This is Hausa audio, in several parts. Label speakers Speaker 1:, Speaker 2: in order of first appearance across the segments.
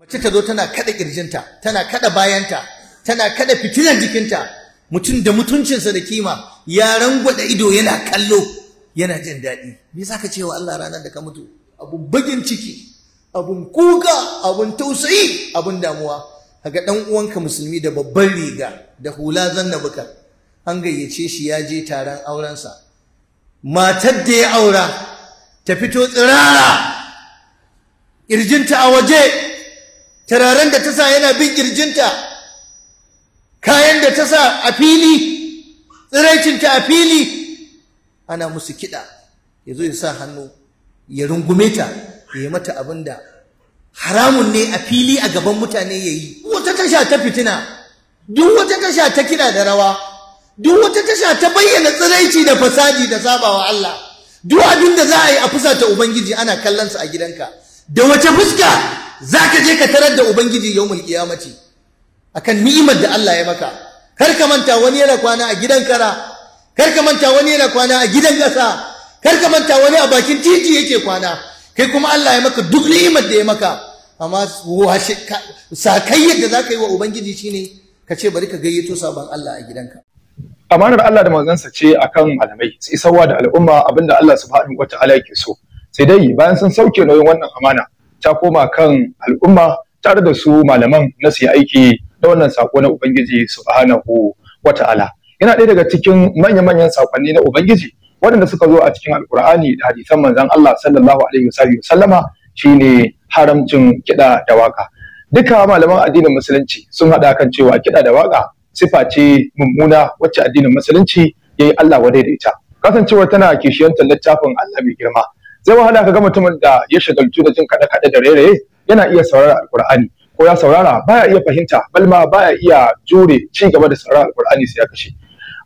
Speaker 1: mace ta zo tana kada kirjinta tana kada bayanta tana kada fitilar jikinta mutum da mutuncinsa da kima ya rangwada ido yana kallo yana jin daɗi me ka ce wa Allah ranar da ka mutu abun bagin ciki abun kuka abun tausayi abun damuwa kaga dan uwanka musulmi da babban riga da hula zanna buka an gayyace shi ya je taron aurensa matar da ya aura ta fito tsirara ƙirjinta a waje turaren da ta sa yana bin kirjinta kayan da ta sa a fili tsiraicinta a fili ana musu kiɗa ya zo ya sa hannu ya rungume ta ya yi mata abin da haramun ne a fili a gaban mutane ya yi wata tasha ta fitina duk wata tasha ta kiɗa da rawa duk wata tasha ta bayyana tsiraici da fasadi da sabawa Allah duk abin da za a yi a fusata ubangiji ana kallonsa a gidanka da wace fuska zaka je ka tarar da ubangiji yawmul qiyamati kan ni'imar da Allah ya maka kar ka manta wani yana kwana a gidan kara kar ka manta wani yana kwana a gidan ƙasa kar ka manta wani a bakin titi yake kwana kai kuma Allah ya maka duk ni'imar da ya maka amma sakayyar da za ka yi wa Ubangiji shine ka ce bari ka gayyato sabon Allah a
Speaker 2: gidanka. Amanar Allah da manzansa ce akan malamai su isarwa da al'umma abinda Allah subhanahu wa yake so sai dai bayan sun sauke nauyin wannan amana ta koma kan al'umma tare da su malaman na su aiki da wannan sako na ubangiji subhanahu wata'ala yana ɗaya daga cikin manya-manyan sakonni na ubangiji waɗanda suka zo a cikin alkur'ani da hadisan manzon Allah sallallahu alaihi sallama shine haramcin kiɗa da waka duka malaman addinin musulunci sun haɗa kan cewa kiɗa da waka sifa ce mummuna wacce addinin musulunci ya yi Allah wadai da ita kasancewar tana kishiyantar littafin Allah mai girma zai wahala ka ga mutumin da ya shagaltu da jin kaɗe-kaɗe da rairaye yana iya saurara alkur'ani ko ya saurara baya iya fahimta balma baya iya jure ci gaba da saurara alkur'ani sai ya kashe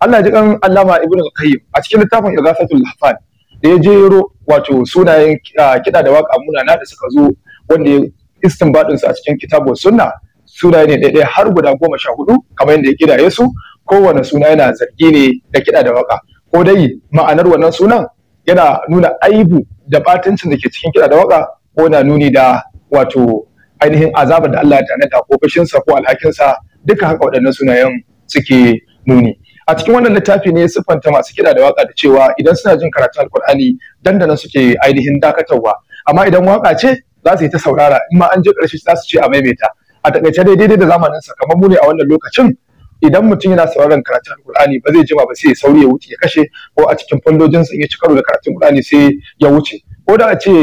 Speaker 2: Allah ji kan Allama Ibn Qayyim a cikin littafin Ighathatul Lahfan da ya jero wato sunayen kiɗa da waka munana da suka zo wanda ya istinbadin su a cikin kitabun sunna sunaye ne ɗaya har guda goma sha hudu kamar yadda ya kidaye su kowane suna yana zargi ne da kiɗa da waka ko dai ma'anar wannan sunan yana nuna aibu da batuncin da ke cikin kiɗa da waka ko na nuni da wato ainihin azabar da Allah ya tanada ko sa ko alhakinsa duka haka waɗannan sunayen suke nuni a cikin wannan littafi ne siffanta masu kiɗa da waka da cewa idan suna jin karatun alkur'ani dandana suke ainihin dakatarwa amma idan waka ce za su yi ta saurara in ma an je ƙarshe za su ce a maimaita a takaice daidai da zamanin sa kamar mu ne a wannan lokacin idan mutum yana sauraron karatun alkur'ani ba zai jima ba sai ya sauri ya wuce ya kashe ko a cikin fandojin sa ya ci karo da karatun alkur'ani sai ya wuce ko da a ce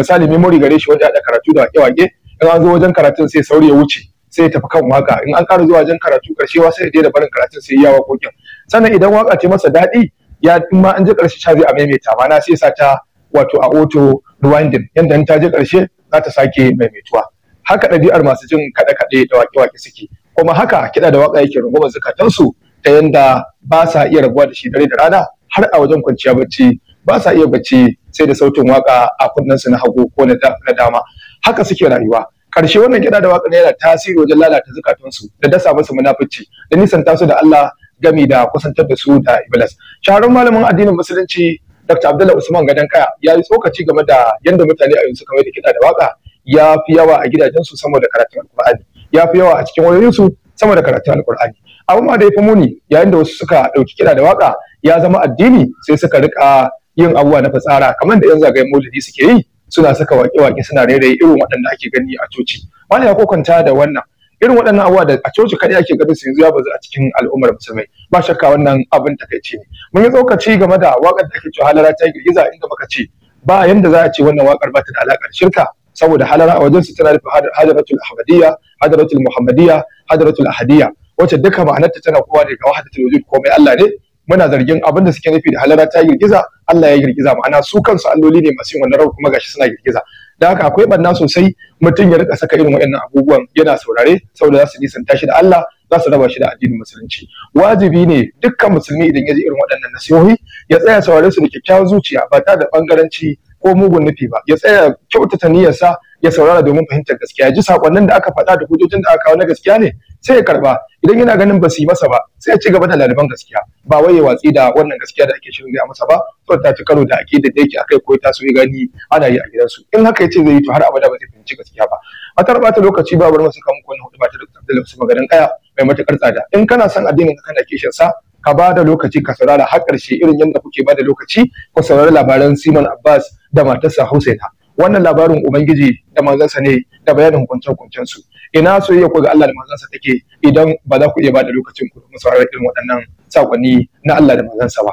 Speaker 2: misali memory gare shi ya haɗa karatu da wake-wake in an zo wajen karatun sai sauri ya wuce sai ya tafi kan waka in an ƙara zuwa wajen karatu karshe wa sai ya daina barin karatun sai ya waƙoƙin sannan idan waka ce masa daɗi ya in ma an je karshe ta zai a maimaita na sai sa ta wato a auto rewinding yanda in ta je karshe za ta sake maimaituwa haka ɗabi'ar masu jin kaɗe-kaɗe da wake-wake suke kuma haka kiɗa da waka yake rungumar zukatansu ta yanda ba sa iya rabuwa da shi dare da rana har a wajen kwanciya bacci ba sa iya bacci sai da sautin waka a kunnensu na hagu ko na dama haka suke rayuwa karshe wannan kiɗa da waka yana tasiri wajen lalata zukatansu da dasa musu munafici da nisanta su da Allah gami da kusantar da su da Iblis sharon malamin addinin musulunci Dr. Abdullah Usman Gadan Kaya ya yi tsokaci game da yadda mutane a yanzu kamar da kiɗa da waka ya fi yawa a gidajensu sama da karatun qurani ya fi yawa a cikin wayoyinsu sama da karatun alkur'ani abu da ya fi muni yayin da wasu suka ɗauki kiɗa da waka ya zama addini sai suka rika yin abubuwa na fitsara kamar da yan zagayen maulidi suke yi suna saka waƙe-waƙe suna rairaye irin waɗanda ake gani a coci Wani ya kokanta da wannan irin waɗannan abubuwa da a coci kaɗai ake gani su yanzu ya bazu a cikin al'ummar musulmai ba shakka wannan abin takaici ne mun yi tsokaci game da waƙar da ake cewa halara ta girgiza inda muka ce ba yanda za a ce wannan waƙar ba ta da alaƙar shirka saboda halara a wajen su tana nufin hadaratul ahmadiyya hadaratul muhammadiyya hadaratul ahadiyya wacce duka ma'anarta tana kowa daga wahdatul wujud komai Allah ne muna zargin abin da suke nufi da halara ta girgiza Allah ya girgiza ma'ana su kansu alloli ne masu yin wannan rawar kuma gashi suna girgiza da haka akwai barna sosai mutum ya rika saka irin waɗannan abubuwan yana saurare saboda za su nisanta shi da Allah za su raba shi da addinin musulunci wajibi ne dukkan musulmi idan ya ji irin waɗannan nasihohi ya tsaya saurare su da kyakkyawan zuciya ba ta da bangaranci ko mugun nufi ba ya tsaya kyautata niyyarsa ya saurara domin fahimtar gaskiya ji sakonnin da aka faɗa da hujjojin da aka kawo na gaskiya ne sai ya karba idan yana ganin ba su yi masa ba sai ya ci gaba da laliban gaskiya ba wai ya watsi da wannan gaskiya da ake shirin gaya masa ba to ta ci karo da aqidar da yake akai ko ta so ya gani ana yi a gidan su. in haka yace zai yi to har abada ba zai fahimci gaskiya ba a tarbata lokaci ba masu masa kamun wani hudu ba ta da Abdullahi Garin Kaya mai matakar tsada in kana son addinin ka kana kishin sa ka ba da lokaci ka saurara har ƙarshe irin yadda kuke ba da lokaci ku saurari labaran Simon Abbas da matarsa Husaina wannan labarin Ubangiji da manzansa ne da bayanin hukuncen su ina ya ku ga Allah da manzansa take idan ba za ku iya ba da lokacin ku domin saurari irin waɗannan sakonni na Allah da manzansa ba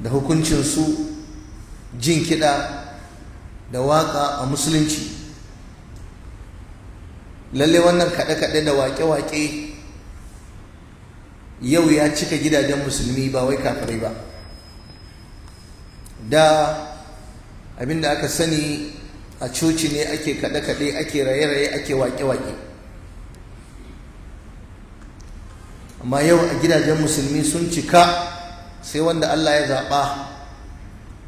Speaker 1: da hukuncin su jin kiɗa da waƙa a musulunci lalle wannan kaɗe-kaɗe da waƙe-waƙe yau ya cika gidajen musulmi ba wai kafirai ba da abinda aka sani a coci ne ake kaɗe-kaɗe ake raye-raye ake waƙe-waƙe amma yau a gidajen musulmi sun cika sai wanda Allah ya zaɓa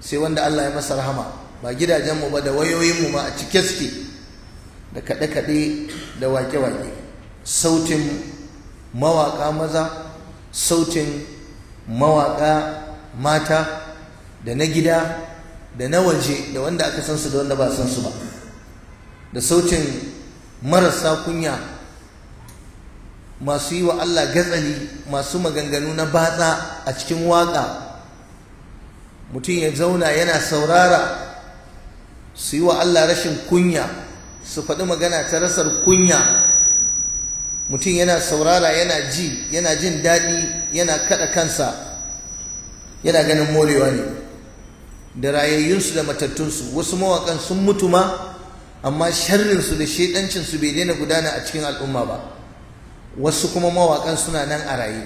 Speaker 1: sai wanda Allah ya masa rahama ba gidajenmu ba da wayoyinmu ma a cike suke da kaɗe-kaɗe da waƙe-waƙe sautin mawaƙa maza sautin mawaƙa mata da na gida da na waje da wanda aka san su da wanda ba san su ba da sautin marasa kunya masu yi wa Allah gatsali masu maganganu na batsa a cikin waƙa mutum ya zauna yana saurara su yi wa Allah rashin kunya su faɗi magana ta rasar kunya mutum yana saurara yana ji yana jin daɗi yana kaɗa kansa yana ganin morewa ne da rayayyunsu da matattunsu wasu mawaƙan sun mutu ma amma sharrinsu da shaidancinsu bai daina gudana a cikin al'umma ba wasu kuma mawaƙan suna nan a raye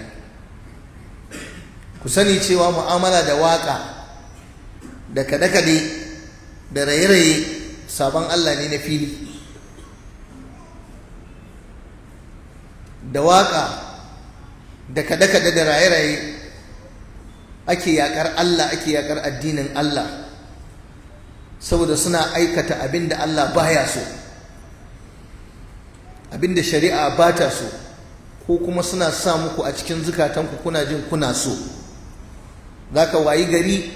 Speaker 1: ku sani cewa mu'amala da waƙa da kaɗe-kaɗe da raye-raye sabon Allah ne na fili da waƙa da kaɗe kada da raye-raye ake yaƙar Allah ake yaƙar addinin Allah saboda suna aikata abin da Allah baya so abin da shari'a ba ta so ko kuma suna sa muku a cikin zukatanku kuna jin kuna so za ka wayi gari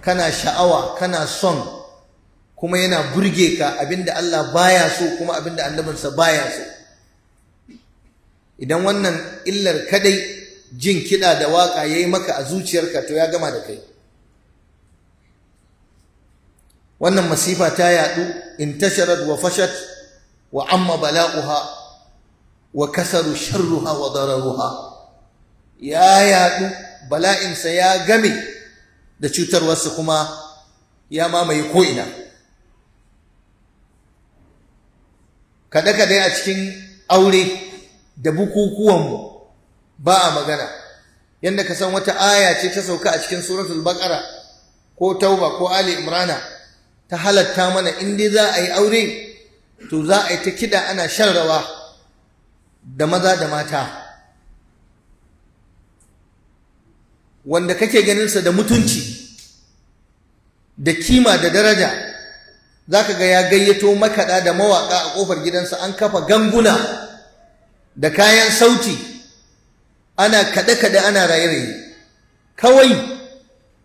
Speaker 1: kana sha'awa kana son kuma yana burge ka abinda Allah baya so kuma abinda annabinsa baya so idan wannan illar kadai jin kiɗa da waƙa ya yi maka a zuciyarka to ya gama da kai wannan masifa ta yaɗu in intasharat wa fashat wa amma bala'uha wa kasaru sharruha wa dararuha ya yaɗu bala'insa ya game da cutarwarsa kuma ya mamaye ko'ina kaɗe-kaɗe a cikin aure da bukukuwanmu ba a magana yadda ka san wata aya ce ta sauka a cikin suratul baqara ko tauba ko ali imrana ta halatta mana in dai za a yi aure to za a yi ta kiɗa ana shan rawa da maza da mata wanda kake ganinsa da mutunci da kima da daraja za ka ga ya gayyato makaɗa da mawaƙa a ƙofar gidansa an kafa ganguna da kayan sauti ana kaɗe-kaɗe ana raye-raye kawai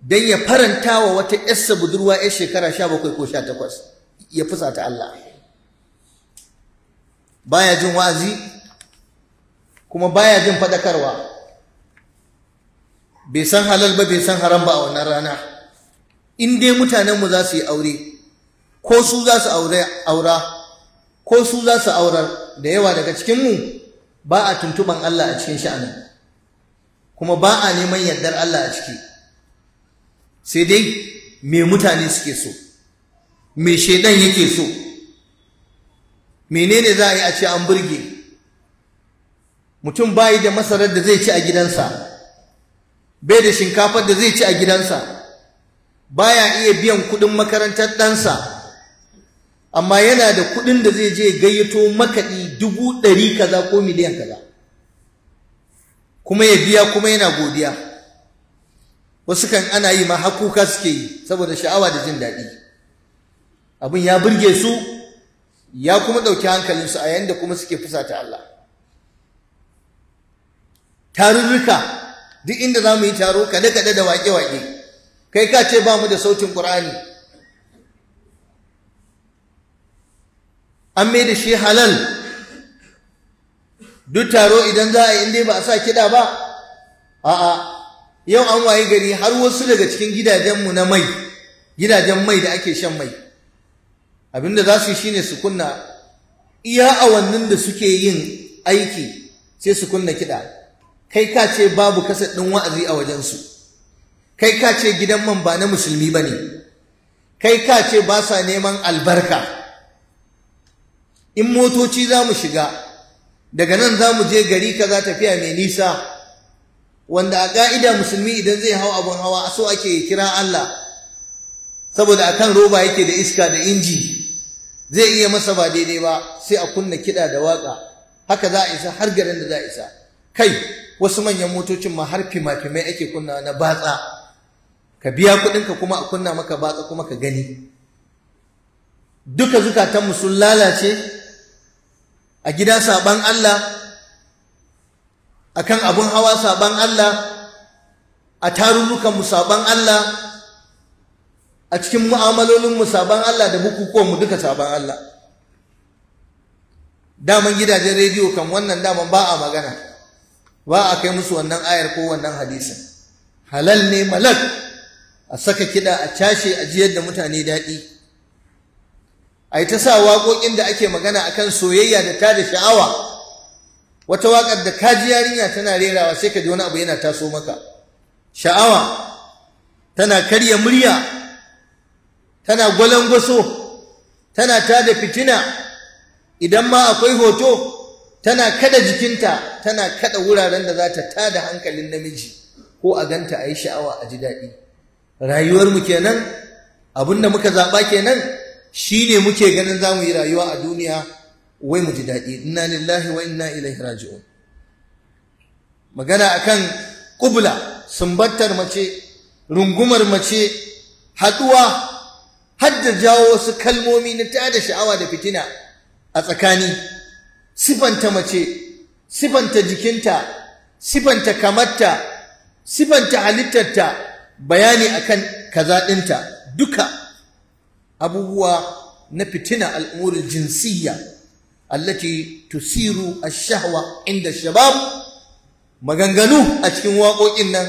Speaker 1: don ya faranta wa wata yarsa budurwa yar shekara sha bakwai ko sha takwas ya ta Allah baya jin wa'azi kuma baya jin faɗakarwa bai san halal ba bai san haram ba a wannan rana in dai mutanenmu za su yi aure ko su za su aura ko su za su aurar da yawa daga cikinmu ba a tuntuban Allah a cikin sha'anin kuma ba a neman yardar Allah a ciki sai dai me mutane suke so me shaidan yake so menene za a yi a ce an burge mutum bayi da masarar da zai ci a gidansa bai da shinkafar da zai ci a gidansa baya iya biyan kuɗin makarantar ɗansa amma yana da kuɗin da zai je gayyato makaɗi dubu ɗari kaza ko miliyan kaza kuma ya biya kuma yana godiya wasu kan ana yi ma hakuka suke yi saboda sha'awa da jin daɗi abin ya burge su ya kuma ɗauki hankalinsu a yanda kuma suke fusata Allah tarurruka duk inda za mu yi taro kaɗe-kaɗe da waƙe-waƙe kai ka ce ba mu da sautin ƙur'ani an mai da shi halal duk taro idan za a yi inda ba a sa kiɗa ba a'a yau an wayi gari har wasu daga cikin gidajenmu na mai gidajen mai da ake shan mai abinda za su yi shine su kunna iya awannin da suke yin aiki sai su kunna kiɗa kai ka ce babu kaset ɗin wa'azi a wajensu kai ka ce gidan man ba na musulmi ba ne kai ka ce ba sa neman albarka in motoci za mu shiga daga nan za mu je gari kaza tafiya mai nisa wanda a ƙa'ida musulmi idan zai hau abin hawa a so ake kira Allah saboda a kan roba yake da iska da inji zai iya masa ba daidai ba sai a kunna kiɗa da waƙa haka za a isa har garin da za a isa kai wasu manyan motocin ma har fima-fimai ake kunna na batsa ka biya kuɗinka kuma a kunna maka batsa kuma ka gani duka zukatanmu sun lalace a gida saban Allah a kan abin hawa saban Allah a tarurrukan mu saban Allah a cikin mu'amalolin mu saban Allah da bukukuwan mu duka saban Allah daman gidajen rediyo kan wannan daman ba a magana ba a kai musu wannan ayar ko wannan hadisin halal ne malak a saka kiɗa a cashe ajiyar da mutane daɗi a ta sa waƙoƙin da ake magana a kan soyayya da ta da sha'awa wata waƙar da ka ji yarinya tana rerawa sai ka ji wani abu yana taso maka sha'awa tana karya murya tana gwalangwaso tana ta da fitina idan ma akwai hoto tana kada jikinta tana kada wuraren da za ta tada hankalin namiji ko a ganta a yi sha'awa a ji daɗi Rayuwar rayuwarmu kenan abin da muka zaɓa kenan shi ne muke ganin za mu yi rayuwa a duniya wai mu ji daɗi inna lillahi wa inna ilaihi raji'un magana akan kubla sumbatar mace rungumar mace haɗuwa hadda jawo wasu kalmomi na tada sha'awa da fitina a tsakani sifanta mace sifanta jikinta sifanta kamarta sifanta halittarta bayani akan kaza ɗinta duka abubuwa na fitina al'umurul jinsiyya allati tusiru a shahwa inda shabab maganganu a cikin waƙoƙin nan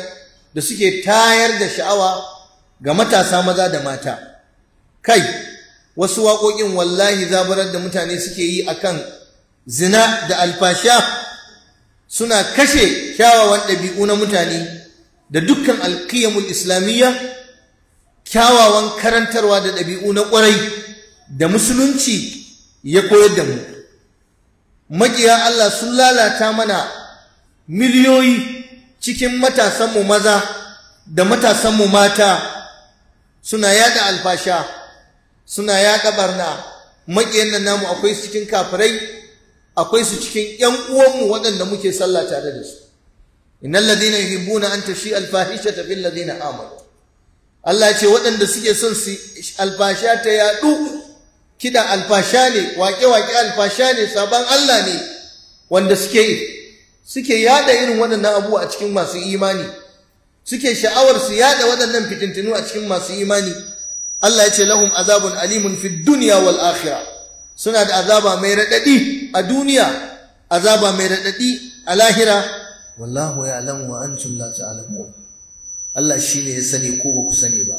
Speaker 1: da suke tayar da sha'awa ga matasa maza da mata kai wasu waƙoƙin wallahi zabarar da mutane suke yi akan zina da alfasha suna kashe kyawawan ɗabi'u na mutane da dukkan alƙiyamun islamiyya kyawawan karantarwa da ɗabi'u na ƙwarai da musulunci ya koyar da mu maƙiya Allah sun lalata mana miliyoyi cikin matasanmu maza da matasanmu mata suna yaɗa alfasha suna yaɗa barna maƙiyan nan namu akwai su cikin kafirai akwai su cikin ‘yan uwanmu waɗanda muke sallah tare da su innal ladina yuhibbuna an tashi alfahishata fil ladina amanu Allah ce waɗanda suke son su alfasha ta yaɗu kiɗa alfasha ne waƙe-waƙe alfasha ne sabon Allah ne wanda suke yi suke yaɗa irin waɗannan abubuwa a cikin masu imani suke sha'awar su yaɗa waɗannan fitintinu a cikin masu imani Allah ya ce lahum azabun alimun fi duniya wal akhirah suna da azaba mai raɗaɗi a duniya azaba mai raɗaɗi a lahira wallahu ya wa antum la ta'lamun Allah shi ne ya sani ko ba ku sani ba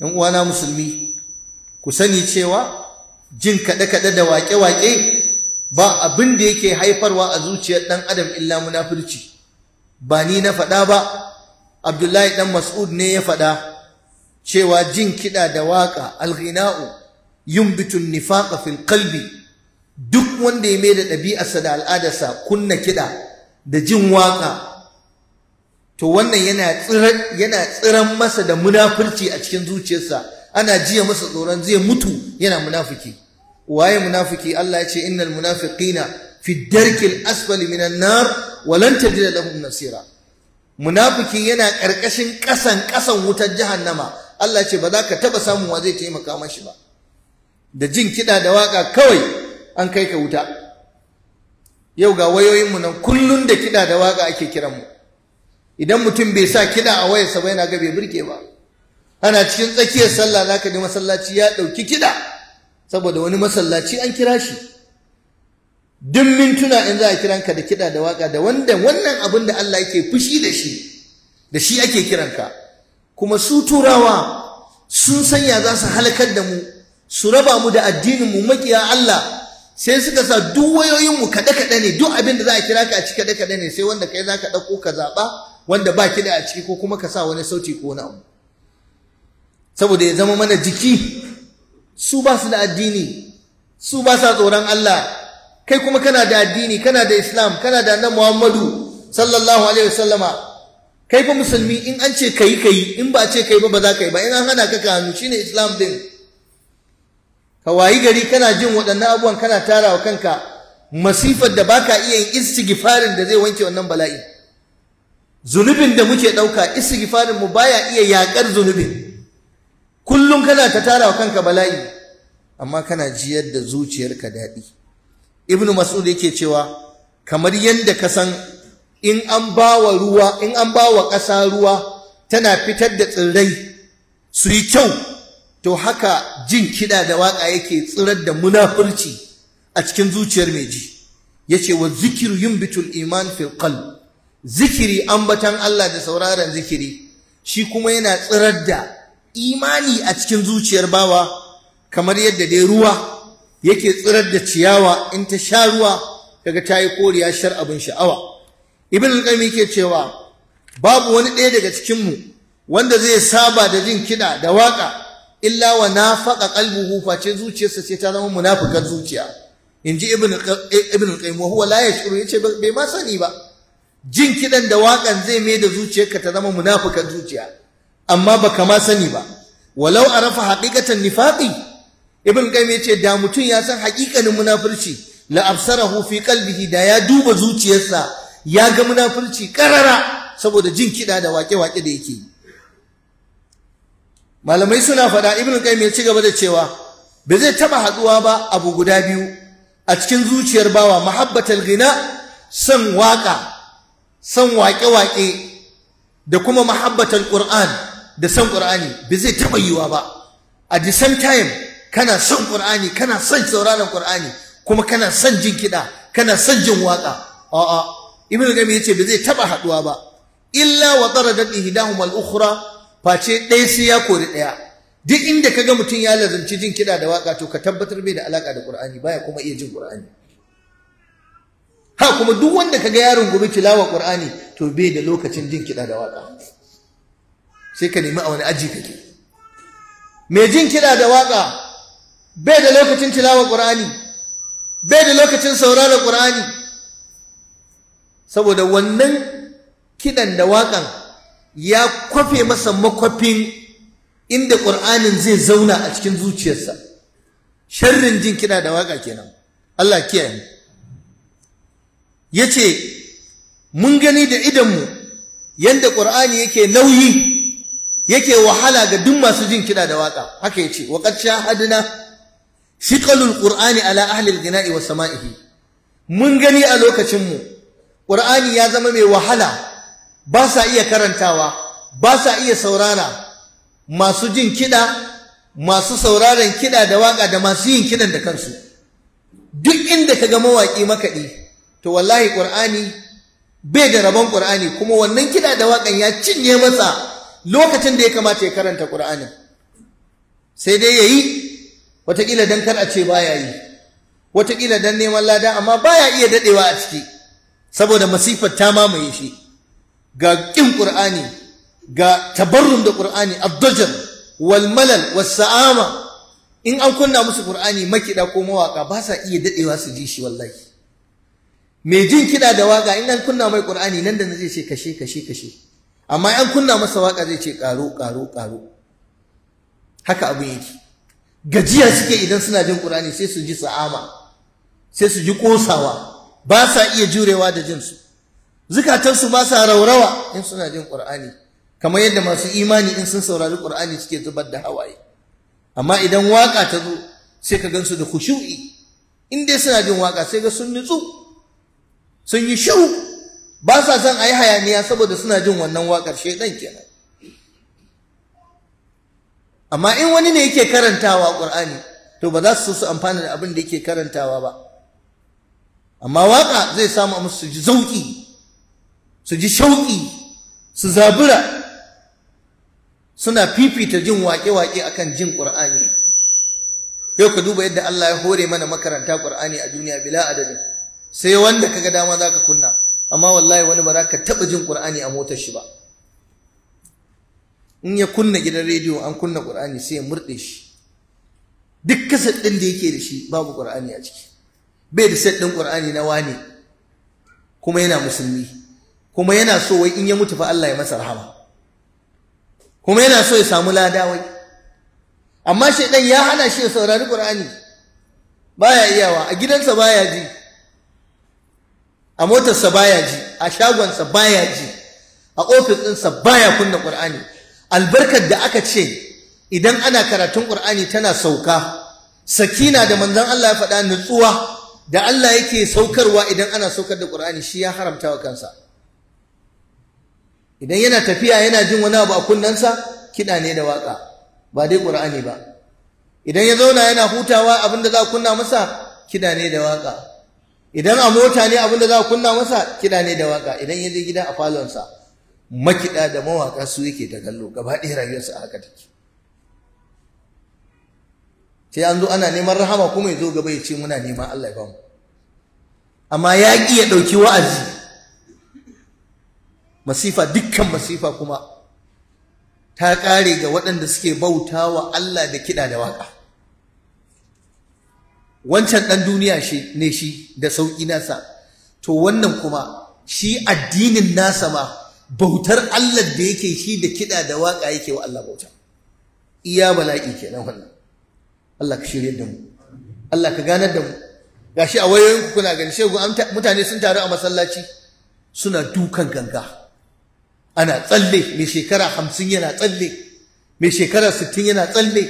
Speaker 1: ‘yan uwana musulmi ku sani cewa jin kaɗe-kaɗe da waƙe-waƙe ba abin da yake haifarwa a zuciyar ɗan adam illa munafurci ba ni na faɗa ba abdullahi ɗan mas'ud ne ya faɗa cewa jin kiɗa da waƙa alghina'u bitun nifaqa fil kalbi duk wanda ya mai da ɗabi'arsa da al'adarsa kunna kiɗa da jin waƙa to wannan yana tsiran masa da munafurci a cikin zuciyarsa ana jiya masa tsoron zai mutu yana munafiki waye munafiki Allah ya ce innal munafiqina fi darkil asfali minan nar wa lan lahum nasira munafiki yana karkashin kasan kasan wutar jahannama Allah ya ce ba za ka taba samun wa zai taimaka mashi ba da jin kida da waka kawai an kai ka wuta yau ga wayoyin mu nan kullun da kida da waka ake kiran mu idan mutum bai sa kiɗa a wayarsa ba yana ga bai burge ba ana cikin tsakiyar sallah za ka ji masallaci ya ɗauki kiɗa saboda wani masallaci an kira shi duk mintuna in za a ka da kiɗa da waka da wanda wannan abin da Allah yake fushi da shi da shi ake kiranka kuma su turawa sun sanya za su halakar da mu su raba mu da addinin mu makiya Allah sai suka sa duk wayoyin mu kaɗe kaɗe ne duk abin da za a kira ka a ci kaɗe kaɗe ne sai wanda kai za ka ɗauko ka zaɓa wanda ba kiɗa a ciki ko kuma ka sa wani sauti ko wani abu saboda ya zama mana jiki su ba su da addini su ba sa tsoron Allah kai kuma kana da addini kana da Islam kana da annabi Muhammadu sallallahu alaihi wasallama kai fa musulmi in an ce kai kai in ba a ce kai ba ba za ka yi ba in an hana ka ka hannu shine Islam din ka wayi gari kana jin waɗannan abubuwan kana tarawa kanka masifar da baka iya yin istighfarin da zai wanke wannan bala'i zunubin da muke ɗauka istighfarin mu baya iya yaƙar zunubin kullum kana ta tara wa kanka bala'i amma kana jiyar da zuciyarka daɗi ibnu mas'ud yake cewa kamar yadda ka san in an bawa ruwa in an bawa ƙasa ruwa tana fitar da tsirrai su yi kyau to haka jin kiɗa da waƙa yake tsirar da munafurci a cikin zuciyar mai ji yace wa zikiru yumbitul iman fil zikiri ambatan Allah da sauraron zikiri shi kuma yana tsirar da imani a cikin zuciyar bawa kamar yadda dai ruwa yake tsirar da ciyawa in ta sha ruwa daga tayi yi koriya shar abin sha'awa ibn al-qayyim cewa babu wani ɗaya daga cikin mu wanda zai saba da jin kiɗa da waƙa. illa wa nafaqa qalbuhu ce zuciyarsa ce ta zama munafukan zuciya inji ibn ibn al-qayyim wa huwa la yashuru yace bai ma sani ba jin kiɗan da waƙan zai mai da zuciyarka ta zama munafukan zuciya amma ba ka ma sani ba walau a rafa haƙiƙatan nifaƙi ibn qayyim yace ce da mutum ya san haƙiƙanin munafurci la absarahu fi qalbihi da ya duba zuciyarsa ya ga munafurci karara saboda jin kiɗa da waƙe-waƙe da yake malamai suna faɗa ibn qayyim ya ci gaba da cewa ba zai taɓa haɗuwa ba abu guda biyu a cikin zuciyar bawa mahabbatal ghina son waƙa San waƙe-waƙe da kuma mahabbatar ƙur'an da son ƙur'ani ba zai taɓa yiwa ba a the same time kana son Qur'ani kana son sauraron ƙur'ani kuma kana son jin kiɗa kana son jin waƙa a'a Ibn Qayyim yace ba zai taɓa haɗuwa ba illa wa daradat ihdahum al-ukhra face ɗaya sai ya kori ɗaya duk inda kaga mutum ya lazanci jin kiɗa da waƙa to ka tabbatar bai da alaƙa da ƙur'ani baya kuma iya jin ƙur'ani ha kuma duk wanda kaga yaron gobe tilawa qur'ani to bai da lokacin jin kiɗa da waka sai ka nemi a wani aji kake mai jin kiɗa da waka bai da lokacin tilawa qur'ani bai da lokacin sauraron qur'ani saboda wannan kiɗan da wakan ya kwafe masa makwafin inda ƙur'anin zai zauna a cikin zuciyarsa sharrin jin kiɗa da waƙa kenan Allah kiyaye ya ce mun gani da idanmu yadda ƙur'ani yake nauyi yake wahala ga duk masu jin kiɗa da waƙa haka ya ce waƙar shi shiƙalul ƙur'ani ala ahlil gina'i wa sama'ihi mun gani a lokacinmu ƙur'ani ya zama mai wahala ba sa iya karantawa ba sa iya saurara masu jin kiɗa masu sauraron kiɗa da waƙa da masu yin kiɗan da kansu duk inda ka ga mawaƙi makaɗi to wallahi qur'ani bai da rabon qur'ani kuma wannan kida da wakan ya cinye masa lokacin da ya kamata ya karanta qur'anin sai dai yayi watakila dan kar a ce baya yi watakila dan neman lada amma baya iya dadewa a ciki saboda masifar ta mamaye shi ga kin qur'ani ga tabarrum da qur'ani abdajar wal malal was sa'ama in an kunna musu qur'ani makida ko mawaka ba sa iya dadewa su ji shi wallahi mai jin kiɗa da waƙa in an kunna mai ƙur'ani nan da zai ce kashe kashe kashe amma an kunna masa waƙa zai ce ƙaro ƙaro ƙaro haka abin yake gajiya suke idan suna jin ƙur'ani sai su ji sa'ama sai su ji ƙosawa ba sa iya jurewa da jinsu zukatansu ba sa raurawa in suna jin ƙur'ani kamar yadda masu imani in sun saurari ƙur'ani suke zubar da hawaye amma idan waƙa ta zo sai ka gansu da kushu'i in dai suna jin waƙa sai ga sun nutsu sun yi shiru ba sa son a yi hayaniya saboda suna jin wannan waƙar shaidan kenan amma in wani ne yake karantawa ƙur'ani to ba za su so su amfana da abin da yake karantawa ba amma waƙa zai samu musu su ji zauƙi su ji shauƙi su zabura suna fifita jin waƙe-waƙe akan jin ƙur'ani yau ka duba yadda Allah ya hore mana makaranta ƙur'ani a duniya bila adadin sai wanda kaga dama zaka kunna amma wallahi wani ba za ka taɓa jin ƙur'ani a motar shi ba in ya kunna gidan rediyo an kunna ƙur'ani sai ya murɗe shi duk kasar ɗin da yake da shi babu ƙur'ani a ciki bai da set ɗin ƙur'ani na wane kuma yana musulmi kuma yana so wai in ya mutu fa Allah ya masa rahama kuma yana so ya samu lada wai amma ɗan ya hana shi ya saurari ƙur'ani baya iyawa a gidansa baya ji a motarsa baya ji a shagonsa baya ji a ofis ɗinsa baya kunna ƙur'ani albarkar da aka ce idan ana karatun ƙur'ani tana sauka sakina da manzon Allah ya faɗa nutsuwa da Allah yake saukarwa idan ana saukar da ƙur'ani shi ya haramta wa kansa idan yana tafiya yana jin wani abu a kunnensa kiɗa ne da waƙa ba dai ƙur'ani ba idan ya zauna yana hutawa abin da za a kunna masa kiɗa ne da waƙa idan a mota ne abin da za a kunna masa kiɗa ne da waka idan ya je gida a falonsa makiɗa da mawaka su yake da kallo gaba ɗaya rayuwarsa a haka take sai an zo ana neman rahama kuma ya zo gaba ya ce muna neman Allah ya bamu amma ya ƙi ya ɗauki wa'azi masifa dukkan masifa kuma ta ƙare ga waɗanda suke bauta wa Allah da kiɗa da waƙa wancan ɗan duniya shi ne shi da sauƙi nasa to wannan kuma shi addinin nasa ma bautar Allah da yake shi da kiɗa da waƙa yake wa Allah bauta iya bala'i kenan wannan Allah ka shirya da mu Allah ka ganar da mu gashi a wayoyin ku kuna gani shegu mutane sun taru a masallaci suna dukan ganga ana tsalle mai shekara hamsin yana tsalle mai shekara sittin yana tsalle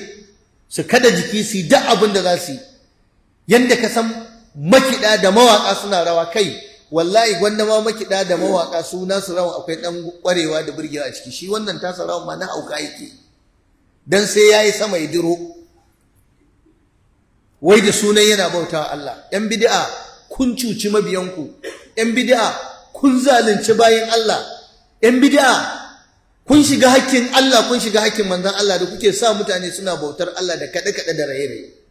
Speaker 1: su kada jiki su yi duk abin da za su yi Yadda ka san makiɗa da mawaƙa suna rawa kai wallahi gwanda ma makiɗa da mawaƙa su nasu rawa akwai ɗan ƙwarewa da birgewa a ciki shi wannan tasa rawa ma na hauka yake dan sai ya yi sama ya diro wai da sunan yana bauta Allah yan bid'a kun cuci mabiyanku yan bid'a kun zalunci bayan Allah yan bid'a kun shiga hakkin Allah kun shiga hakkin manzon Allah da kuke sa mutane suna bautar Allah da kaɗe-kaɗe da raye-raye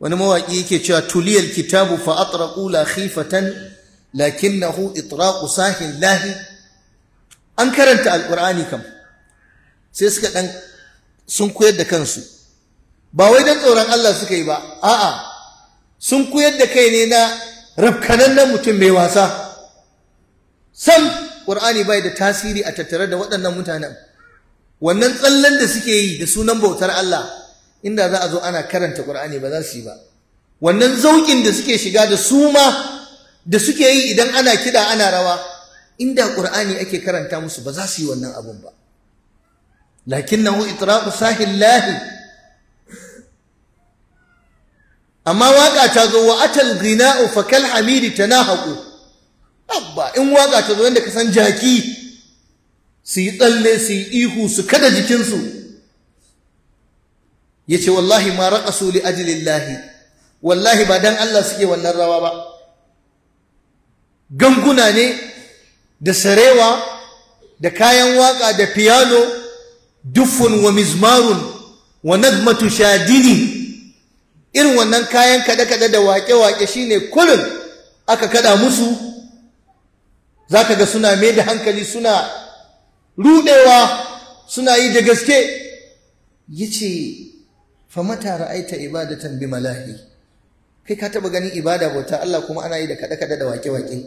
Speaker 1: wani mawaƙi yake cewa tuliyal kitabu fa atraqu la khifatan lakinnahu itraqu sahin lahi an karanta alqur'ani kam sai suka dan sun koyar da kansu ba wai dan tsoron Allah suka yi ba a'a sun koyar da kai ne na rafkanannen mutum mai wasa sam qur'ani bai da tasiri a tattare da waɗannan mutanen wannan tsallan da suke yi da sunan bautar Allah inda za a zo ana karanta Qur'ani ba za su yi ba wannan zaukin da suke shiga da suma da suke yi idan ana kida ana rawa inda Qur'ani ake karanta musu ba za su yi wannan abun ba lakinnahu itraqu sahillahi amma waka ta zo wa atal ghina'u fa kal hamidi tanahaqu abba in waka ta zo yanda ka san jaki su yi tsalle su yi ihu su kada jikinsu Ya ce wallahi ma raqasu li ajlillahi wallahi ba don Allah suke wannan rawa ba ganguna ne da sarewa da kayan waƙa da fiyano duffun wa mizmarun wa nagmatu shadini irin wannan kayan kaɗe-kaɗe da waƙe-waƙe shine kullum aka kaɗa musu zaka ga suna mai da hankali suna ruɗewa suna yi da gaske Ya ce. fa mata ra'aita ibadatan bi malahi kai ka taba ganin ibada bauta Allah kuma ana yi da kada kada da wake wake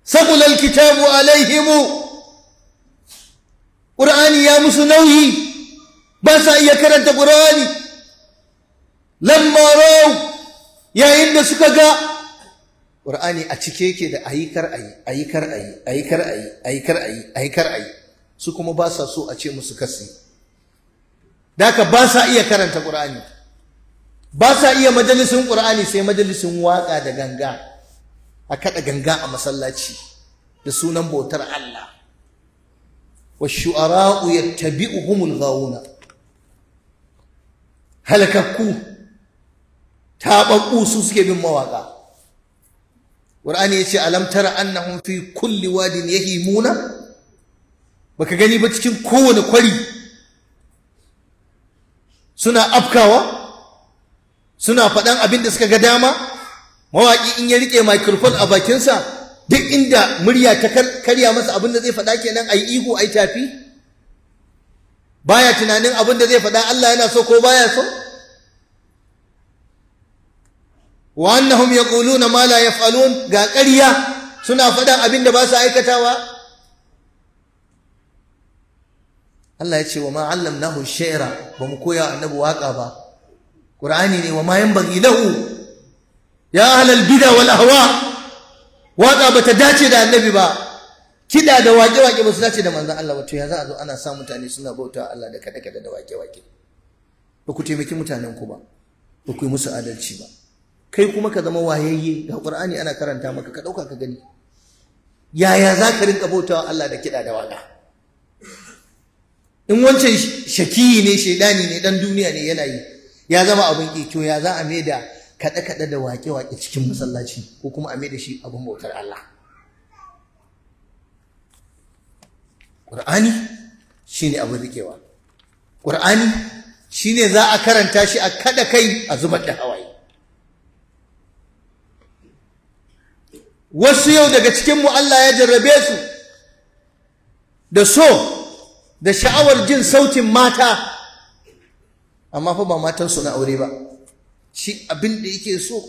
Speaker 1: sabula alkitabu alaihim qur'ani ya musu nauyi ba sa iya karanta qur'ani lamma raw yayin da suka ga qur'ani a cike yake da ayikar ayikar ayi ayikar ayi ayikar ayi ayikar ayi su kuma ba sa so a ce musu kasi da haka ba sa iya karanta ƙur'ani ba sa iya majalisin ƙur'ani sai majalisin waƙa da ganga a kaɗa ganga a masallaci da sunan bautar Allah wa shu'ara'u yattabi'uhumul ghawuna halakakku taɓaɓɓu su suke bin mawaƙa Qur'ani ya ce alam tara annahum fi kulli wadin yahimuna baka gani ba cikin kowane kwari suna afkawa suna faɗan abin da suka ga dama mawaƙi in ya riƙe microphone a bakinsa duk inda murya ta karya masa abin da zai faɗa kenan a yi ihu a yi tafi baya tunanin abin da zai faɗa Allah yana so ko baya so wa annahum yaquluna ma la yaf'alun ga ƙarya suna faɗan abin da ba su aikatawa Allah ya ce wa ma allamnahu She'ra ba mu koya annabi waka ba Qur'ani ne wa ma yanbaghi lahu ya ahlal bid'a wal ahwa waka bata dace da annabi ba kida da wake wake ba su dace da manzon Allah ba to ya za a zo ana sa mutane suna bauta Allah da kada kada da wake wake ba ku taimaki mutanen ku ba ba ku yi musu adalci ba kai kuma ka zama wayayye ga Qur'ani ana karanta maka ka dauka ka gani yaya za ka rinka bautawa Allah da kida da waka in wancan shakiyi ne shaidani ne dan duniya ne yana yi ya zama abin kyakkyo ya za a maida kaɗe kaɗe da waƙe waƙe cikin masallaci ko kuma a maida shi abin bautar Allah Qur'ani shine abin rikewa Qur'ani shine za a karanta shi a kada kai a zubar da hawaye wasu yau daga cikin mu Allah ya jarrabe su da so da sha'awar jin sautin mata amma fa ba matan suna na aure ba shi abin da yake so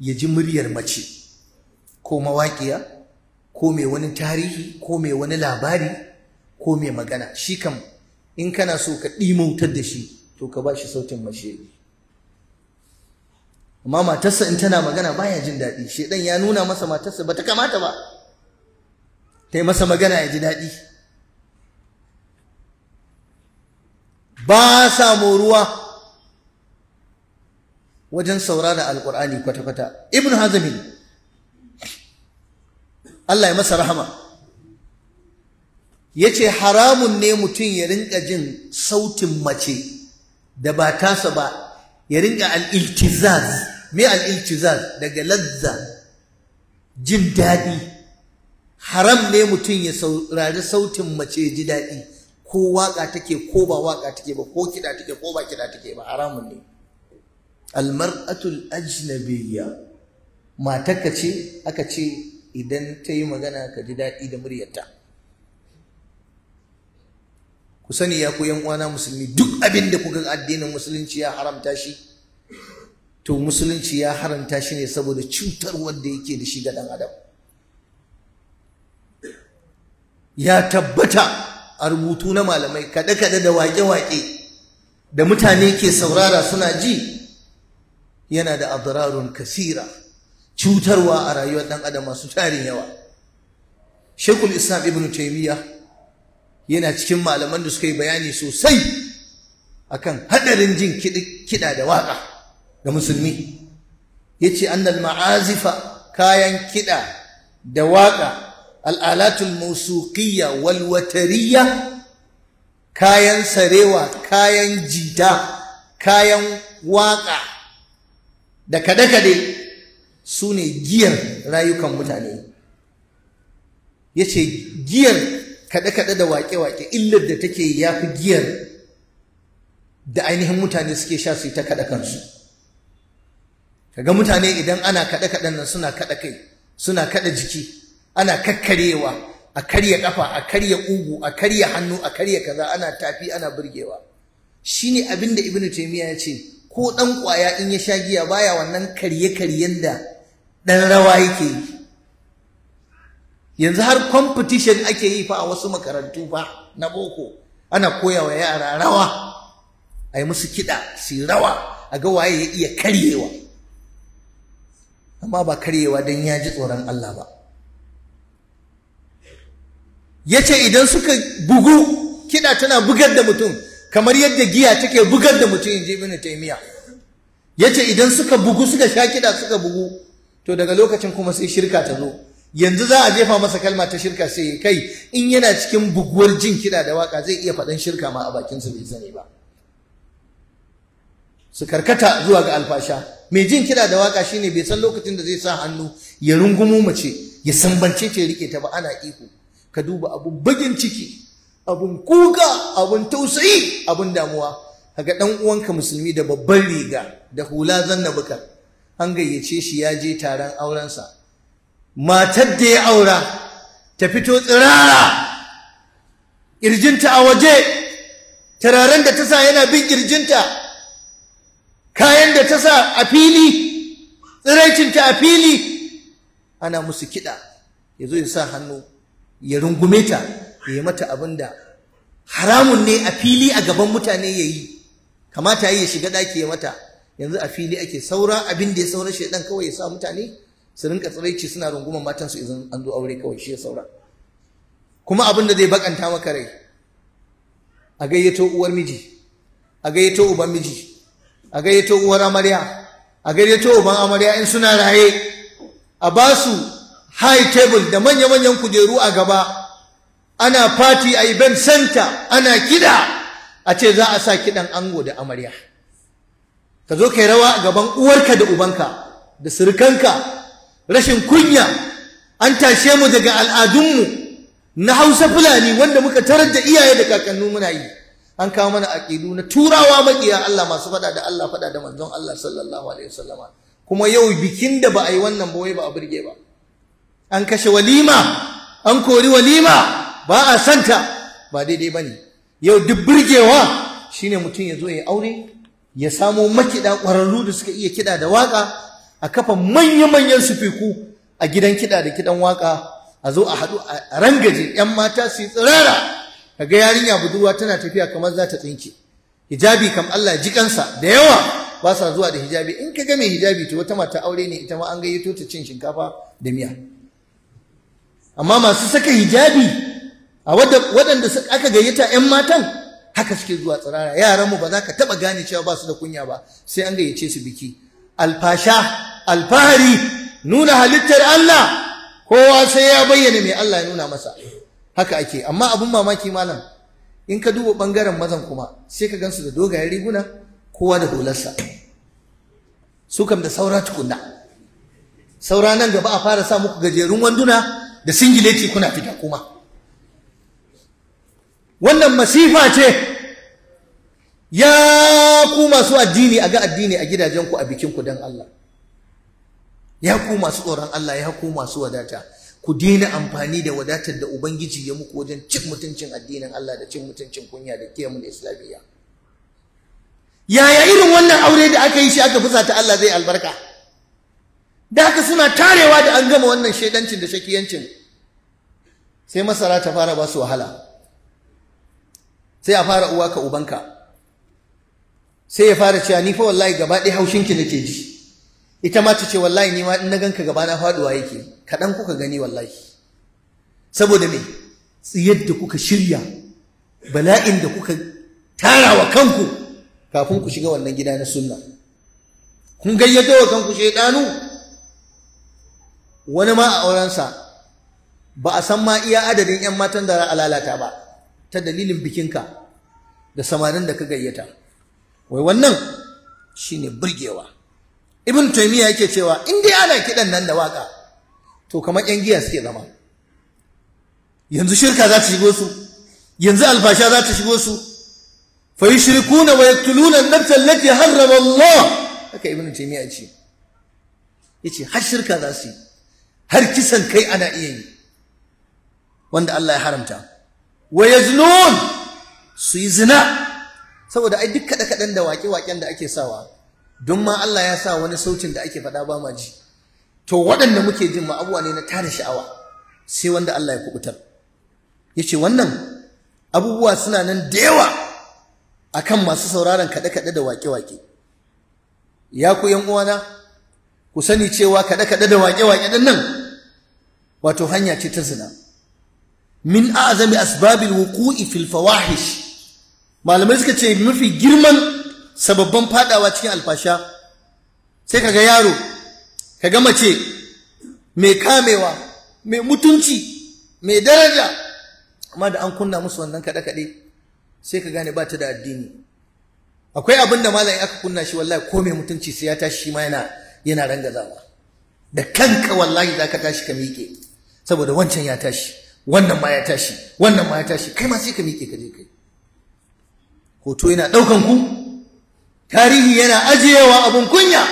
Speaker 1: ya ji muryar mace ko mawaƙiya ko mai wani tarihi ko mai wani labari ko mai magana shi kam in kana so ka ɗimautar da shi to ka ba shi sautin mace amma matarsa in tana magana baya jin daɗi shedan ya nuna masa matarsa bata kamata ba ta yi masa magana ya ji daɗi ba sa moruwa wajen saura da Alƙur'ani kwata-kwata ibn hazmi Allah ya masa rahama ya ce haramun ne mutum ya rinka jin sautin mace da ba tasa ba ya rinka al'iltizaz me al'iltizaz daga lazza jin daɗi haram ne mutum ya saurari sautin mace ji daɗi ko waka take ko ba waka take ba ko kida take ko ba kida take ba haramun ne almar'atul ajnabiyya matarka ce aka ce idan ta yi magana ka ji daɗi da muryarta ku sani ya ku yan uwana musulmi duk abin da kuka addinin musulunci ya haramta shi to musulunci ya haramta shi ne saboda cutar wanda yake da shi ga ɗan adam ya tabbata a rubutu na malamai kaɗe-kaɗe da waƙe-waƙe da mutane ke saurara suna ji yana da adrarun kasira cutarwa a rayuwar ɗan adam masu tarin yawa shekul islam ibn taimiyya yana cikin malaman da suka yi bayani sosai akan haɗarin jin kiɗa da waƙa ga musulmi ya ce annal ma'azifa kayan kiɗa da waƙa al'alatul musuqiyya walwatariya kayan sarewa kayan jita kayan waƙa da kade-kade su ne giyar rayukan mutane ya ce giyar kaɗe-kaɗe da waƙe-waƙe illar da take ya fi giyar da ainihin mutane suke sha su yi ta kaɗa kansu kaga mutane idan ana kaɗe-kaɗen nan suna kaɗa kai suna kaɗa jiki ana kakkarewa a karya kafa a karya ugu a karya hannu a karya kaza ana tafi ana burgewa shine abin da ibnu taymiya ya ce ko dan kwaya in ya sha giya baya wannan karye karyen da dan rawa yake yi yanzu har competition ake yi fa a wasu makarantu fa na boko ana koya wa yara rawa ai musu kiɗa su rawa a ga waye ya iya karyewa amma ba karyewa don ya ji tsoron Allah ba ya ce idan suka bugu kiɗa tana bugar da mutum kamar yadda giya take bugar da mutum in ji ibn taymiya ya ce idan suka bugu suka sha kiɗa suka bugu to daga lokacin kuma sai shirka ta zo yanzu za a jefa masa kalma ta shirka sai ya kai in yana cikin buguwar jin kiɗa da waka zai iya faɗan shirka ma a bakin su bai sani ba su karkata zuwa ga alfasha mai jin kiɗa da waka shine bai san lokacin da zai sa hannu ya rungumo mace ya sambance ce rike ta ba ana iko ka duba abun bagin ciki abun kuka abun tausayi abun damuwa kaga ɗan uwanka musulmi da babban riga da hula zanna baka an gayyace shi ya je taron aurensa matar da ya aura ta fito tsirara irjinta a waje tararen da ta sa yana bin kirjinta kayan da ta sa a fili tsiraicinta a fili ana musu kiɗa ya zo ya sa hannu ya rungume ta ya yi mata abin da haramun ne a fili a gaban mutane ya yi kamata ya shiga ɗaki ya mata yanzu a fili ake saura abin da ya saura shaidan kawai ya sa mutane su rinka tsiraici suna runguman matansu idan an zo aure kawai shi ya saura kuma abin da zai bakanta maka rai a gayyato uwar miji a gayyato uban miji a gayyato uwar amarya a gayyato uban amarya in suna raye a basu high table da manya-manyan kujeru a gaba ana party a event center ana kida a ce za a sa kidan ango da amarya ka zo kai rawa a gaban uwarka da ubanka da surukanka rashin kunya an tashe mu daga al'adunmu na hausa fulani wanda muka tarar da iyaye da kakannu muna yi an kawo mana aƙidu na turawa maƙiya Allah masu faɗa da Allah faɗa da manzon Allah sallallahu alaihi wasallama kuma yau bikin da ba a yi wannan ba wai ba a burge ba an kashe walima an kori walima ba a santa ba daidai ba ne yau duk shi shine mutum ya zo ya aure ya samo makiɗa ƙwararru da suka iya kiɗa da waƙa a kafa manya-manyan sufiku a gidan kiɗa da kiɗan waƙa a zo a haɗu a rangaje 'yan mata su yi tsirara kaga yarinya budurwa tana tafiya kamar za ta tsinke hijabi kam Allah jikansa da yawa ba sa zuwa da hijabi in ka ga mai hijabi to wata mata aure ne ita ma an gayyato ta cin shinkafa da miya amma masu saka hijabi a waɗanda aka gayyata 'yan matan haka suke zuwa tsirara yaranmu ba za ka taɓa gane cewa ba su da kunya ba sai an gayyace su biki alfasha alfahari nuna halittar Allah kowa sai ya bayyana mai Allah ya nuna masa haka ake amma abun mamaki malam in ka duba bangaren mazan kuma sai ka gansu da dogayen riguna kowa da hularsa su kam da saura tukunna saura nan gaba a fara sa muku gajerun wanduna da singileti kuna fita kuma wannan masifa ce ya ku masu addini a ga addini a gidajenku a bikinku don Allah ya ku masu tsoron Allah ya ku masu wadata ku dina amfani da wadatar da Ubangiji ya muku wajen cin mutuncin addinin Allah da cin mutuncin kunya da kiyamun islamiyya
Speaker 2: yaya irin wannan aure da aka
Speaker 1: yi shi aka fusa ta Allah zai albarka da haka suna tarewa da an gama wannan shaidancin da shakiyancin sai masara ta fara ba su wahala sai a fara uwa ka ubanka sai ya fara cewa ni fa wallahi gaba ɗaya haushinki nake ji ita ma ta ce wallahi ni ma in na ganka gaba na faɗuwa yake kaɗan kuka gani wallahi saboda me tsiyar da kuka shirya bala'in da kuka tara wa kanku kafin ku shiga wannan gida na sunna kun gayyato wa kanku shaidanu wani ma a aurensa ba a san ma iya adadin 'yan matan da a lalata ba ta dalilin bikinka da samarin da ka gayyata wai wannan shine burgewa ibn taymiya yake cewa inda dai ana kidan nan da waka to kamar 'yan giya suke zama yanzu shirka za ta shigo su yanzu alfasha za ta shigo su fa yushrikuna wa yaqtuluna an-nafs allati harrama Allah haka ibn taymiya ce yace har shirka za su yi har kisan kai ana iya yi wanda Allah ya haramta wa yaznun su yi zina saboda ai duk kada kadan da waƙe waƙen da ake sawa don ma Allah ya sa wani sautin da ake faɗa ba ma ji to waɗanda muke jin ma abuwa ne na tada sha'awa sai wanda Allah ya kubutar yace wannan abubuwa suna nan da yawa akan masu sauraron kada kada da waƙe waƙe ya ku yan uwana ku sani cewa kada kada da wake-wake din nan wato hanya ce ta zina min a'zami asbabil wuqu'i fil fawahish malamai suka ce mafi girman sababban fadawa cikin alfasha sai kaga yaro kaga mace mai kamewa mai mutunci mai daraja amma da an kunna musu wannan kaɗe kaɗe sai ka gane ba ta da addini akwai abin da malam aka kunna shi wallahi ko mai mutunci sai ya tashi shi ma yana yana rangazawa da kanka wallahi zaka tashi ka miƙe saboda wancan ya tashi wannan ma ya tashi wannan ma ya tashi kai ma sai ka miƙe ka je kai hoto yana ɗaukan ku tarihi yana ajiyewa abun kunya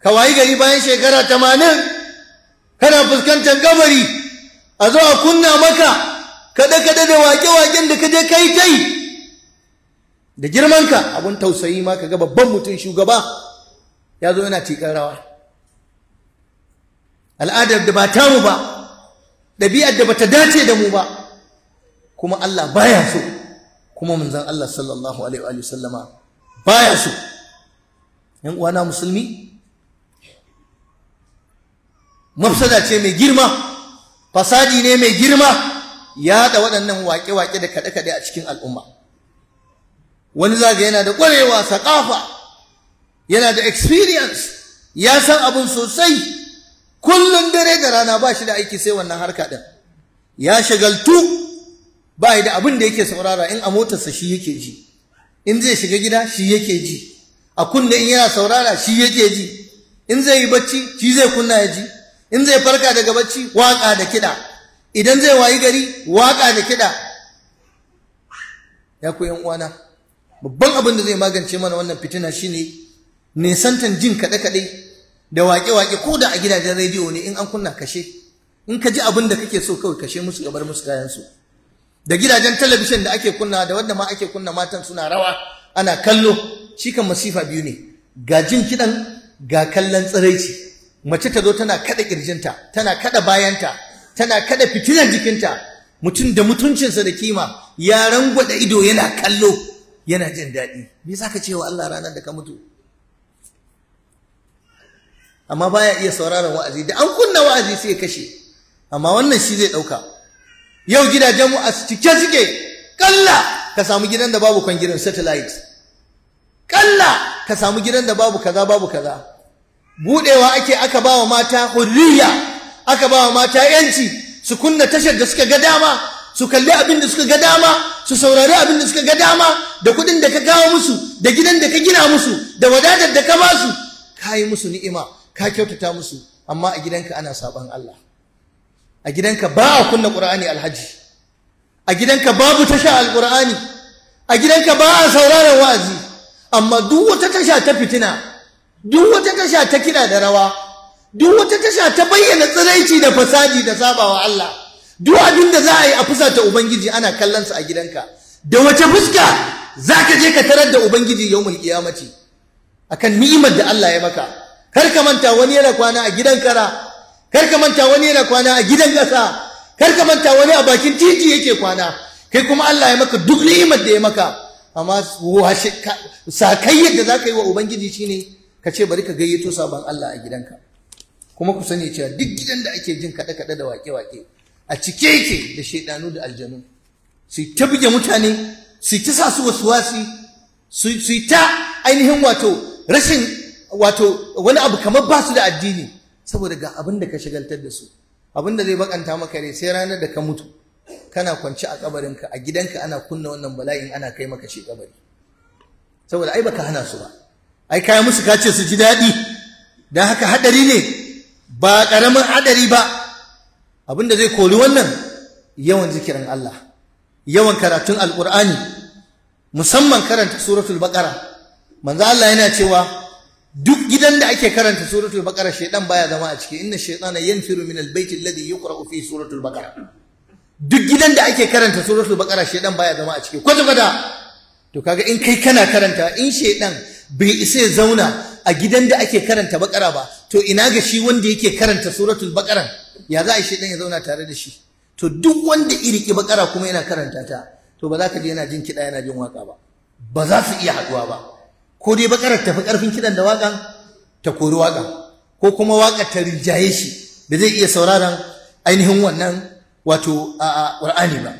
Speaker 1: ka wayi gari bayan shekara tamanin kana fuskantar kabari a zo a kunna maka kaɗe-kaɗe da waƙe-waƙen da ka je kai Da da girmanka abun tausayi ma ka ga babban mutum shugaba ya zo yana tikar rawa al'adar da ba tamu ba ɗabi'ar da bata dace da mu ba kuma Allah baya so kuma manzon Allah sallallahu alaihi wa sallama baya so yan uwana musulmi mafsada ce mai girma fasadi ne mai girma ya haɗa waɗannan waƙe-waƙe da kaɗe-kaɗe a cikin al'umma wani zaga yana da ƙwarewa saƙafa yana da experience ya san abin sosai da rana ba shi da aiki sai wannan harka ɗin ya shagaltu ba da abin da yake saurara in a motarsa shi yake ji in zai shiga gida shi yake ji a kunne in yana saurara shi yake ji in zai yi bacci shi zai kunna ya ji in zai farka daga bacci waƙa da kiɗa idan zai wayi gari waƙa da kiɗa ya ku uwana babban abin da zai magance mana wannan fitina shine nisantan jin kaɗe-kaɗe da waƙe-waƙe ko da a gidajen rediyo ne in an kunna kashe in ka ji abin da kake so kawai kashe musu gabar musu kayansu da gidajen talabijin da ake kunna da wanda ma ake kunna matan suna rawa ana kallo shi kan masifa biyu ne ga jin kiɗan ga kallon tsiraici mace ta zo tana kada kirjinta tana kada bayanta tana kada fitilan jikinta mutum da mutuncinsa da kima ya rangwada ido yana kallo yana jin daɗi me za ka ce wa Allah ranar da ka mutu amma baya iya sauraron wa'azi da an kunna wa'azi sai kashe amma wannan shi zai ɗauka yau gidajen mu a cike suke kalla ka samu gidan da babu gidan satellite kalla ka samu gidan da babu kaza babu kaza budewa ake aka bawa mata hurriya aka bawa mata yanci su kunna tashar da suka ga dama su kalli abin da suka ga dama su saurari abin da suka ga dama da kuɗin da ka kawo musu da gidan da ka gina musu da wadatar da ka ba su ka yi musu ni'ima ka kyautata musu amma a gidanka ana saban Allah a gidanka ba a kunna Qur'ani alhaji a gidanka babu tasha alqur'ani a gidanka ba a sauraron wa'azi amma duk wata tasha ta fitina duk wata tasha ta kiɗa da rawa duk wata tasha ta bayyana tsiraici da fasadi da sabawa Allah duk abin da za a yi a fusata ubangiji ana kallon sa a gidanka da wace fuska zaka je ka tarar da ubangiji yawmul qiyamati akan ni'imar da Allah ya maka kar ka manta wani yana kwana a gidan kara kar ka manta wani yana kwana a gidan ƙasa kar ka manta wani a bakin titi yake kwana kai kuma Allah ya maka duk ni'imar da ya maka amma sakai yadda za ka yi wa ubangiji shine ka ce bari ka gayyato sabon Allah a gidanka kuma ku sani cewa duk gidan da ake jin kaɗe-kaɗe da wake-wake a cike yake da shaidanu da aljanu su ta buge mutane su ta sa su wasu wasi su ta ainihin wato rashin wato wani abu kamar ba su da addini saboda ga abin da ka shagaltar da su abin da zai bakanta maka rai sai ranar da ka mutu kana kwance a kabarinka a gidanka ana kunna wannan bala'in ana kai maka shi kabari saboda ai baka hana su ba ai kaya musu ka ce su ji daɗi don haka haɗari ne ba ƙaramin haɗari ba abin da zai kori wannan yawan zikirin Allah yawan karatun alƙur'ani musamman karanta suratul baƙara manzo Allah yana cewa duk gidan da ake karanta suratul baqara shaydan baya zama a ciki inna shaytana yanfiru min albayt alladhi yuqra'u fi suratul baqara duk gidan da ake karanta suratul baqara shaydan baya zama a ciki kwata kwata to kaga in kai kana karanta in shaiɗan bai isa ya zauna a gidan da ake karanta baqara ba to ina ga shi wanda yake karanta suratul baqara ya za a shaydan ya zauna tare da shi to duk wanda iriki baqara kuma yana karanta ta to ba za ka je yana jin kiɗa yana jin waka ba ba za su iya haɗuwa ba ko dai bakarar tafi karfin kidan da wakan ta kori wakan. ko kuma waƙar ta rijaye shi da zai iya sauraron ainihin wannan wato a Qur'ani ba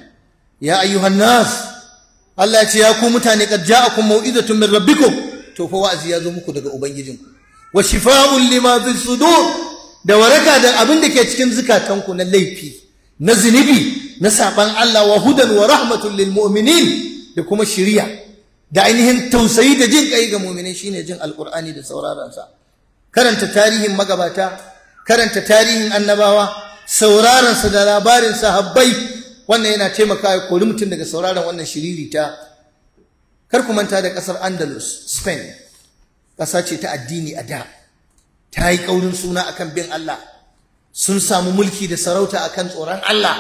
Speaker 1: ya ayyuhan nas Allah ya ce ya ku mutane qad ja'akum mau'izatun min rabbikum to fa wa'azi ya zo muku daga ubangijinku wa shifa'un lima fi sudur da waraka da abin da ke cikin zukatanku na laifi na zunubi na saban Allah wa hudan wa Rahmatun, lil mu'minin da kuma shiriya da ainihin tausayi da jin kai ga mu'minai shine jin alqur'ani da sauraron sa karanta tarihin magabata karanta tarihin annabawa sauraron sa da labarin sahabbai wannan yana taimakawa kori mutum daga sauraron wannan shiririta kar ku manta da kasar Andalus Spain ƙasa ce ta addini a da ta yi ƙaurin suna akan bin Allah sun samu mulki da sarauta akan tsoron Allah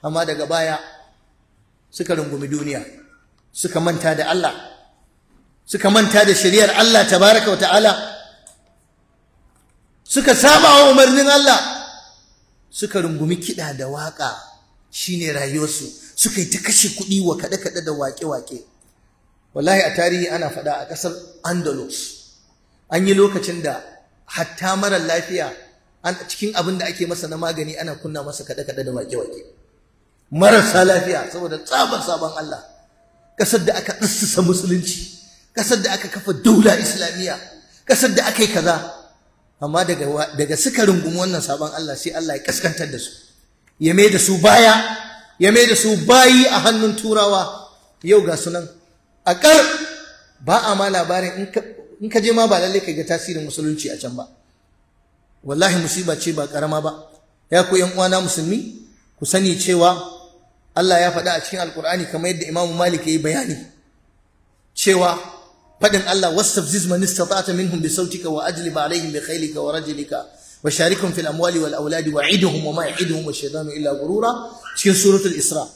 Speaker 1: amma daga baya suka rungumi duniya suka manta da Allah suka manta da shari'ar Allah tabaraka wa suka saba wa umarnin Allah suka rungumi kiɗa da waƙa shine rayuwarsu suka yi ta kashe kuɗi wa kaɗe-kaɗe da waƙe-waƙe wallahi a tarihi ana faɗa a ƙasar andalus an yi lokacin da hatta mara lafiya an cikin abin da ake masa na magani ana kunna masa kaɗe-kaɗe da waƙe-waƙe
Speaker 2: marasa lafiya
Speaker 1: saboda tsabar sabon Allah ƙasar da aka ɗassasa musulunci ƙasar da aka kafa daula islamiyya ƙasar da aka yi kaza amma daga daga suka rungumi wannan sabon Allah sai Allah ya kaskantar da su ya mai da su baya ya mai da su bayi a hannun turawa yau ga sunan a ƙar ba a ma labarin in ka je ma ba lallai ka ga tasirin musulunci a can ba wallahi musiba ce ba ƙarama ba ya ku ƴan uwana musulmi ku sani cewa Allah ya faɗa a cikin alkur'ani kamar yadda imamu malik ya yi bayani cewa faɗin Allah wastafziz man istata'ta minhum bi sautika wa ajlib alaihim bi khaylika wa rajlika wa sharikhum fil amwali wal auladi wa iduhum wa ma iduhum wa shaytanu illa gurura cikin suratul isra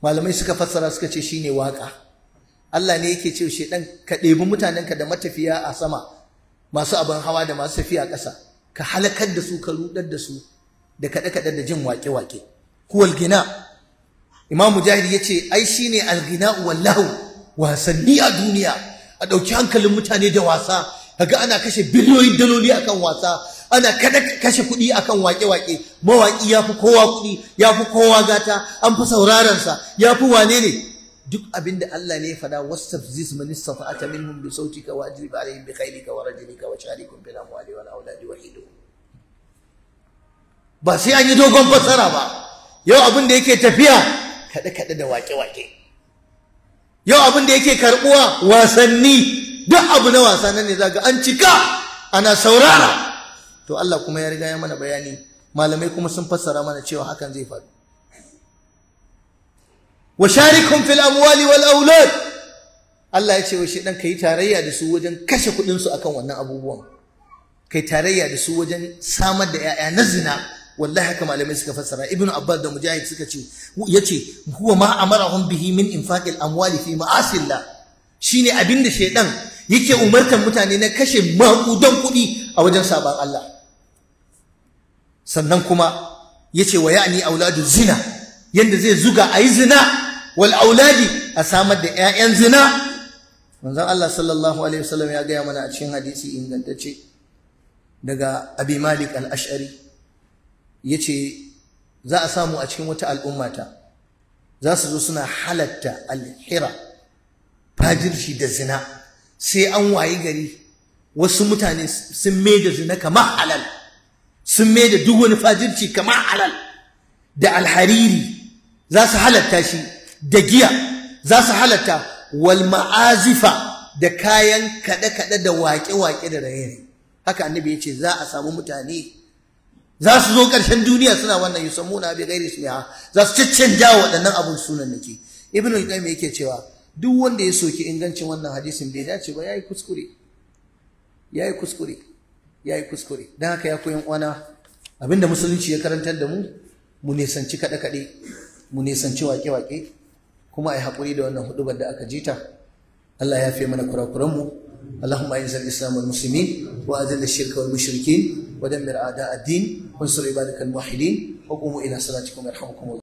Speaker 1: malamai suka fassara suka ce shine waka Allah ne yake ce shedan ka ɗebi mutanenka da matafiya a sama masu abin hawa da masu tafiya ƙasa ka halakar da su ka rudar da su da kaɗe-kaɗe da jin waƙe-waƙe huwa gina. ghina imam mujahid ce ai shine al-ghina wallahu wasanni a duniya a ɗauki hankalin mutane da wasa kaga ana kashe biliyoyin daloli akan wasa ana kada kashe kuɗi akan wake-wake mawaƙi ya fi kowa kuɗi ya fi kowa gata an fi sa ya fi wane ne duk abin da Allah ne ya faɗa zis man istata'ata minhum bi sautika wa ajlib alaihim bi khaylika wa rajlika wa sharikum bil amwali wal auladi wa hidu ba sai an yi dogon fassara ba yau abin da yake tafiya kaɗe-kaɗe da waƙe-waƙe yau abin da yake karɓuwa wasanni duk abu na wasa na ne zaga an cika ana saurara to Allah kuma ya riga ya mana bayani malamai kuma sun fassara mana cewa hakan zai faru wa sharikum fil amwali wal aulad Allah ya ce wa shedan kai tarayya da su wajen kashe kuɗin su akan wannan abubuwan kai tarayya da su wajen samar da 'ya'ya na zina wallahi haka malamai suka fassara ibn abbas da mujahid suka ce yace huwa ma amarahum bihi min infaqil amwali fi ma'asillah shine abinda shaidan yake umartar mutane na kashe makudan kuɗi a wajen sabon Allah sannan kuma yace wa ya'ni auladu zina yanda zai zuga ayi zina wal auladi a samar da 'ya'yan zina manzon Allah sallallahu alaihi wasallam ya gaya mana a cikin hadisi ingantacce daga Abi Malik al-Ash'ari yace za a samu a cikin wata al'ummata za su zo suna halatta alhira fajirci da zina sai an wayi gari wasu mutane sun mai da zina kamar halal sun mai da duk wani fajirci kamar halal da alhariri za su halatta shi da giya za su halatta wal ma'azifa da kayan kaɗe-kaɗe da waƙe-waƙe da raye haka annabi ya ce za a samu mutane za su zo ƙarshen duniya suna wannan yusammuna bi ghairi ismiha za su jawo waɗannan abun sunan nake ibnu qayyim yake cewa duk wanda ya soki ingancin wannan hadisin bai dace ba yayi kuskure yayi kuskure yayi kuskure dan haka ya koyan ƙwana abinda musulunci ya karantar da mu mu nesanci kaɗe kaɗe mu nesanci waƙe waƙe kuma yi haƙuri da wannan hudubar da aka jita Allah ya fi mana kurakuranmu اللهم أعز الإسلام والمسلمين وأذل الشرك والمشركين ودمر أعداء الدين وانصر عبادك الموحدين وقوموا إلى صلاتكم يرحمكم الله